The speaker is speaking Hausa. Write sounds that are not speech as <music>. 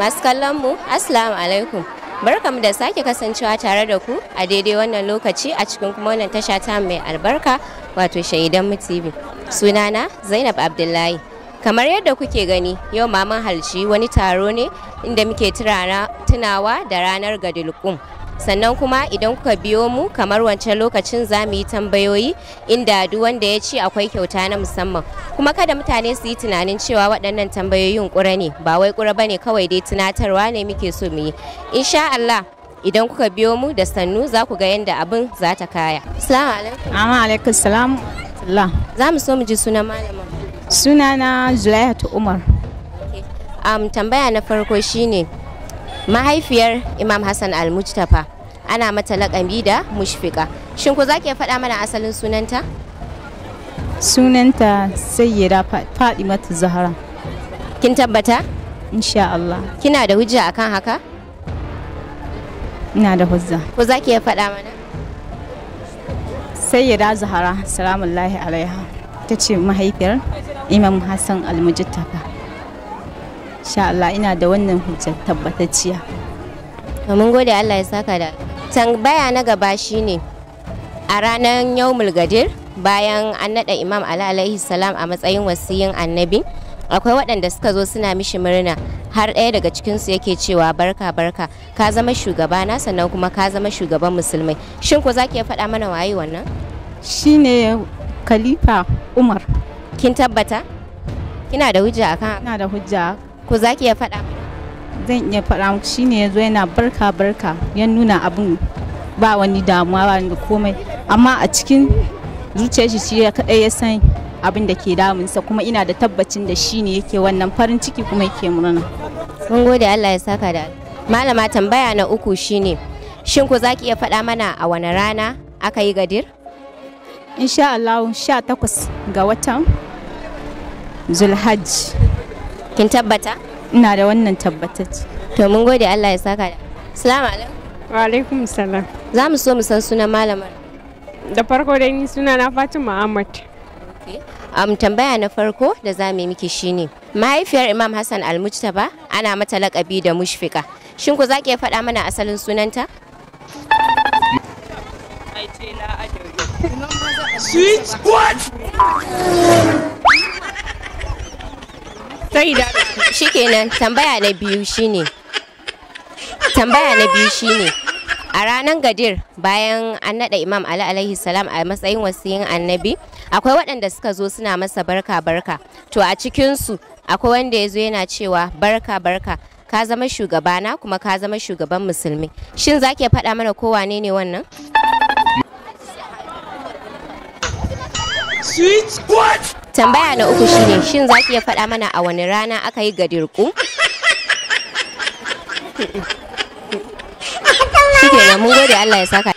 masu kallon mu assalamu alaikum barkamu da sake kasancewa tare da ku a daidai wannan lokaci a cikin kuma wannan tasha ta mai albarka wato shaidan mu tv sunana zainab abdullahi kamar yadda kuke gani yau maman halci wani taro ne inda muke tunawa da ranar gadilkum sannan kuma idan kuka biyo mu kamar wancan lokacin za mu yi tambayoyi inda duk wanda ya ce akwai kyauta na musamman kuma kada mutane su yi tunanin cewa waɗannan tambayoyin ƙura ne ba wai ƙura ba ne kawai dai tunatarwa ne muke so mu yi insha Allah idan kuka biyo mu da sannu za ku ga yadda abin za ta kaya assalamu alaikum assalamu alaikum za mu so mu ji sunan Malamin? sunana Zulaihat Umar um, tambaya na farko shine mahaifiyar imam hassan al-mujtafa ana mata laƙambi da mushfika shin ku za ki faɗa mana asalin sunanta sunanta sayyida fadimatu zahara kin tabbata insha Allah kina da hujja akan haka ina da hujja ku za ki faɗa mana sayyida zahara lahi alaiha ta ce mahaifiyar imam hassan al-mujtafa insha Allah ina da wannan hujjar tabbatacciya mun gode Allah ya saka da tambaya na gaba shine a ranar yaumul gadir bayan an naɗa imam ala alaihi salam a matsayin wasiyin annabi akwai waɗanda suka zo suna mishi murna har ɗaya daga cikinsu yake cewa barka barka ka zama shugaba na sannan kuma ka zama shugaban musulmai shin ko zaki ya faɗa mana waye wannan shine khalifa umar kin tabbata kina da hujja akan Kina da hujja ko za ki iya faɗa zan iya faɗa muku shine yanzu yana barka barka ya nuna abin ba wani damuwa ba da komai amma a cikin zuciyar shi shi kadai ya san abin da ke damunsa kuma ina da tabbacin da shi ne yake wannan farin ciki kuma yake murna mun gode Allah ya saka da malama tambaya na uku shine shin ku zaki iya faɗa mana a wani rana aka yi gadir insha Allah 18 ga watan Zulhajj kin tabbata ina da wannan tabbatacce to mun gode Allah ya saka da salamu alaikum wa alaikum salam za mu so mu san sunan malamar da farko dai ni suna na Fatima Ahmad am tambaya na farko da za mu yi miki shine mahaifiyar Imam Hassan Almujtaba ana mata lakabi da mushfika shin ku za ki faɗa mana asalin sunanta Switch what? shikenan tambaya na biyu shine tambaya na biyu shine a ranar gadir bayan an naɗa imam ali alaihi salam a matsayin wasiyin annabi akwai waɗanda suka zo suna masa barka barka to a cikinsu akwai wanda ya zo yana cewa barka barka ka zama shugabana kuma ka zama shugaban musulmi shin za ke faɗa mana ko wane ne wannan tambaya na uku shine shin za ki iya faɗa mana a wani rana aka yi gadirku <laughs> ke mun gode Allah ya saka